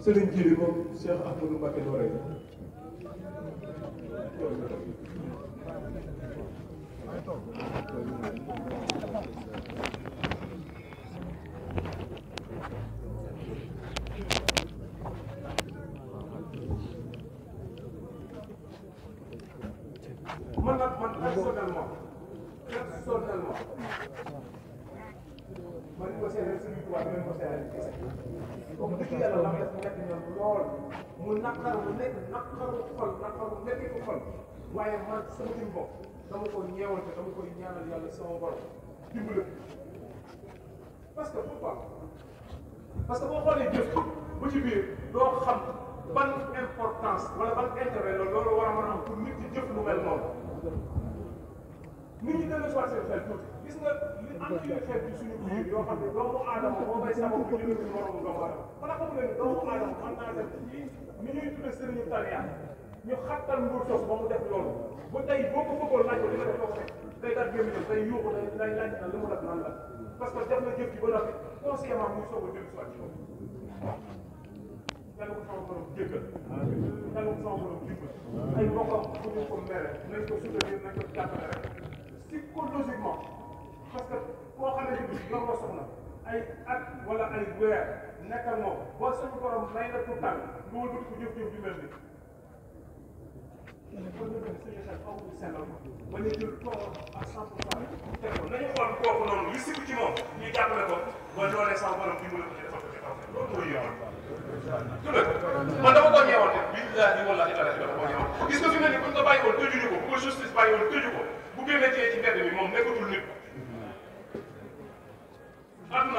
Serigne Djili moom Cheikh Ahmadou Mbacke Doré la. man nag man personnellement personnellement ba ñu ko seedal Sëriñ Tuubaa ñu ko seedal kese donc dëgg yàlla la def mu nekk ñoom lool mu naqar mu nekk naqaru xol naqaru nekkitu xol waaye man sama jëm bopp dama ko ñeewal te dama koy ñaanal yàlla sama borom dimbali parce que pourquoi parce que boo xoolee jëf bu ci biir doo xam ban importance wala ban intérêt loolu war a mën a am pour nit ñi jëf lu mel noonu nit ñi dana soxla seen xel gis nga li am na ñuy xeet ci suñu biir yoo xam ne doomu aadama boo bay sama ko jëmee ci moromu doomu aadama xanaa xam nga ne doomu aadama xam naa ne ci ni ñuy tuddee sëriñu tariya ñu xattal nguur toog ba mu def loolu bu tey boo ko bëggoon laaj ko li nga def doo ko day dar gémmiñam day yuuxu day day laaj na li mu def nan la parce que def na jëf ji ba noppi consciemment muy soog a jël soit ci moom yàlla ko sama borom jéggal yàlla ko sama borom jéggal ay mbokkam fu ñu ko mere nañ ko soutenir nañ ko jàppale rek psychologiquement yor ko soxna ay at wala ay weer nekkal moom boo suñu borom may la pour tànn nga wëlbati ko jëf-jëf ju mel nii. kon ñu def suñu xel aw ñu sellal ko ba ñu jël toolam à cent pour cent teg ko nañu xool kooku noonu li sikk ci moom ñu jàppale ko ba loolee sax borom dimbali ko ci defal ko ci kaw loolu mooy yoon. man dama ko ñeewoon de bii daal wala daal daal dama ko ñeewoon gis nga fi mu ne nii buñ ko bàyyi woon tëjuñu ko bu ko justice bàyyi woon tëju ko bu génnee ci mbedd mi moom nekkatul nit.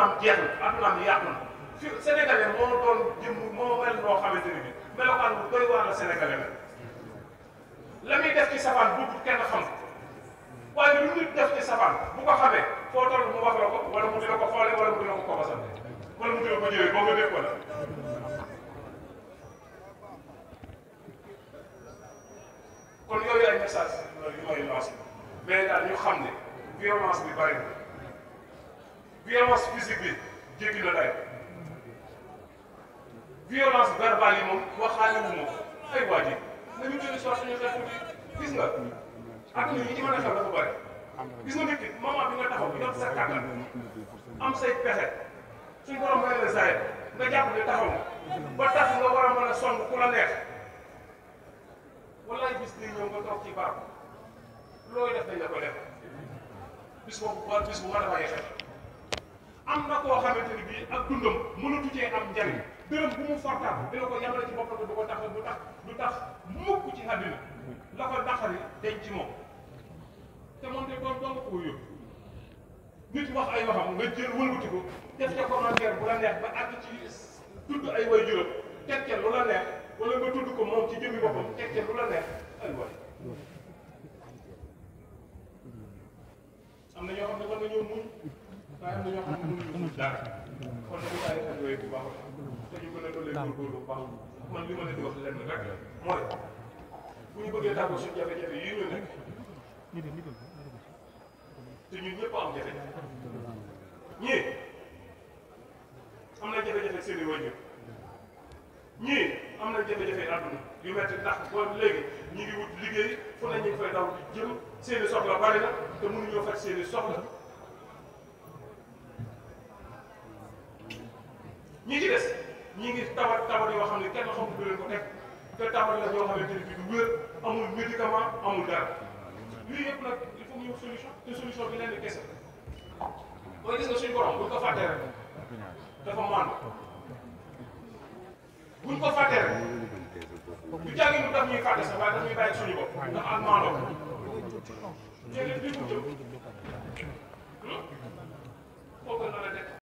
addunaam jeex na addunaam yàqu na fi sénégalais moo doon jëm moo mel noo xamante ne bi melokaan bu doy waar la sénégalais la la muy def ci safaan bëggul kenn xam waaye lu muy def ci safaan bu ko xamee foo toll mu wax la ko wala mu dina ko xoolee wala mu dina ko kobasante wala mu dina ko ñëwee boo ko dégg wala kon yooyu ay message yooyu lancé mais daal ñu xam ne violence bi bari na violence physique bi jéggi na day violence verbale yi moom waxaale wu moom ay waa ji nañu jëli soit suñu xel tuuti gis nga ak ñi ci mën a xew dafa bëri gis nga nit ki moment bi nga taxaw bi nga sa kàttan am say pexe suñ borom may la zaay nga jàpp ne taxaw ba tax nga war a mën a song ku la neex walaay bis ni ñëw nga toog ci baax looy def dañ la ko def bis boobu bis bu war a bàyyi xel am na koo xamante ni bii ak dundam mënatu cee am njariñ dërëm bu mu fortaat dina ko yamale ci boppam du ko tax du tax du tax mukk ci àddina la ko naqari dañ ci moom te moom de doon dong koo yóbbu nit wax ay waxam nga jël wëlbati ko def ca commentaire bu la neex ba àgg ci tudd ay way juróom teg lu la neex wala nga tudd ko moom ci jëmmi boppam teg ca lu la neex ay wax te ñu gën a doole góorgóorlu bu baax man li ma leen di wax lenn rek mooy bu ñu bëggee tàggoo suñu jafe-jafe yii ñu nekk te ñun ñëpp am jafe-jafe ñii am na jafe-jafe seen i wàññi ñii am na jafe-jafe àdduna yu metti ndax boobu léegi ñu ngi wut liggéey fu ne ñu ñi ci des ñi ngi tawat tawat yoo xam ne kenn xamul du leen ko teg te tawat la yoo xamante ne bii du wér amul médicament amul dara yooyu yëpp nag il faut ñu wax solution te solution bi lenn kese mooy gis nga suñu borom buñ ko fàttee rek dafa maandu buñ ko fàttee rek du jàngi mu daf ñuy fàtte sax waaye daf ñuy bàyyi suñu bopp ndax ak maandoo léegi bi mu jëm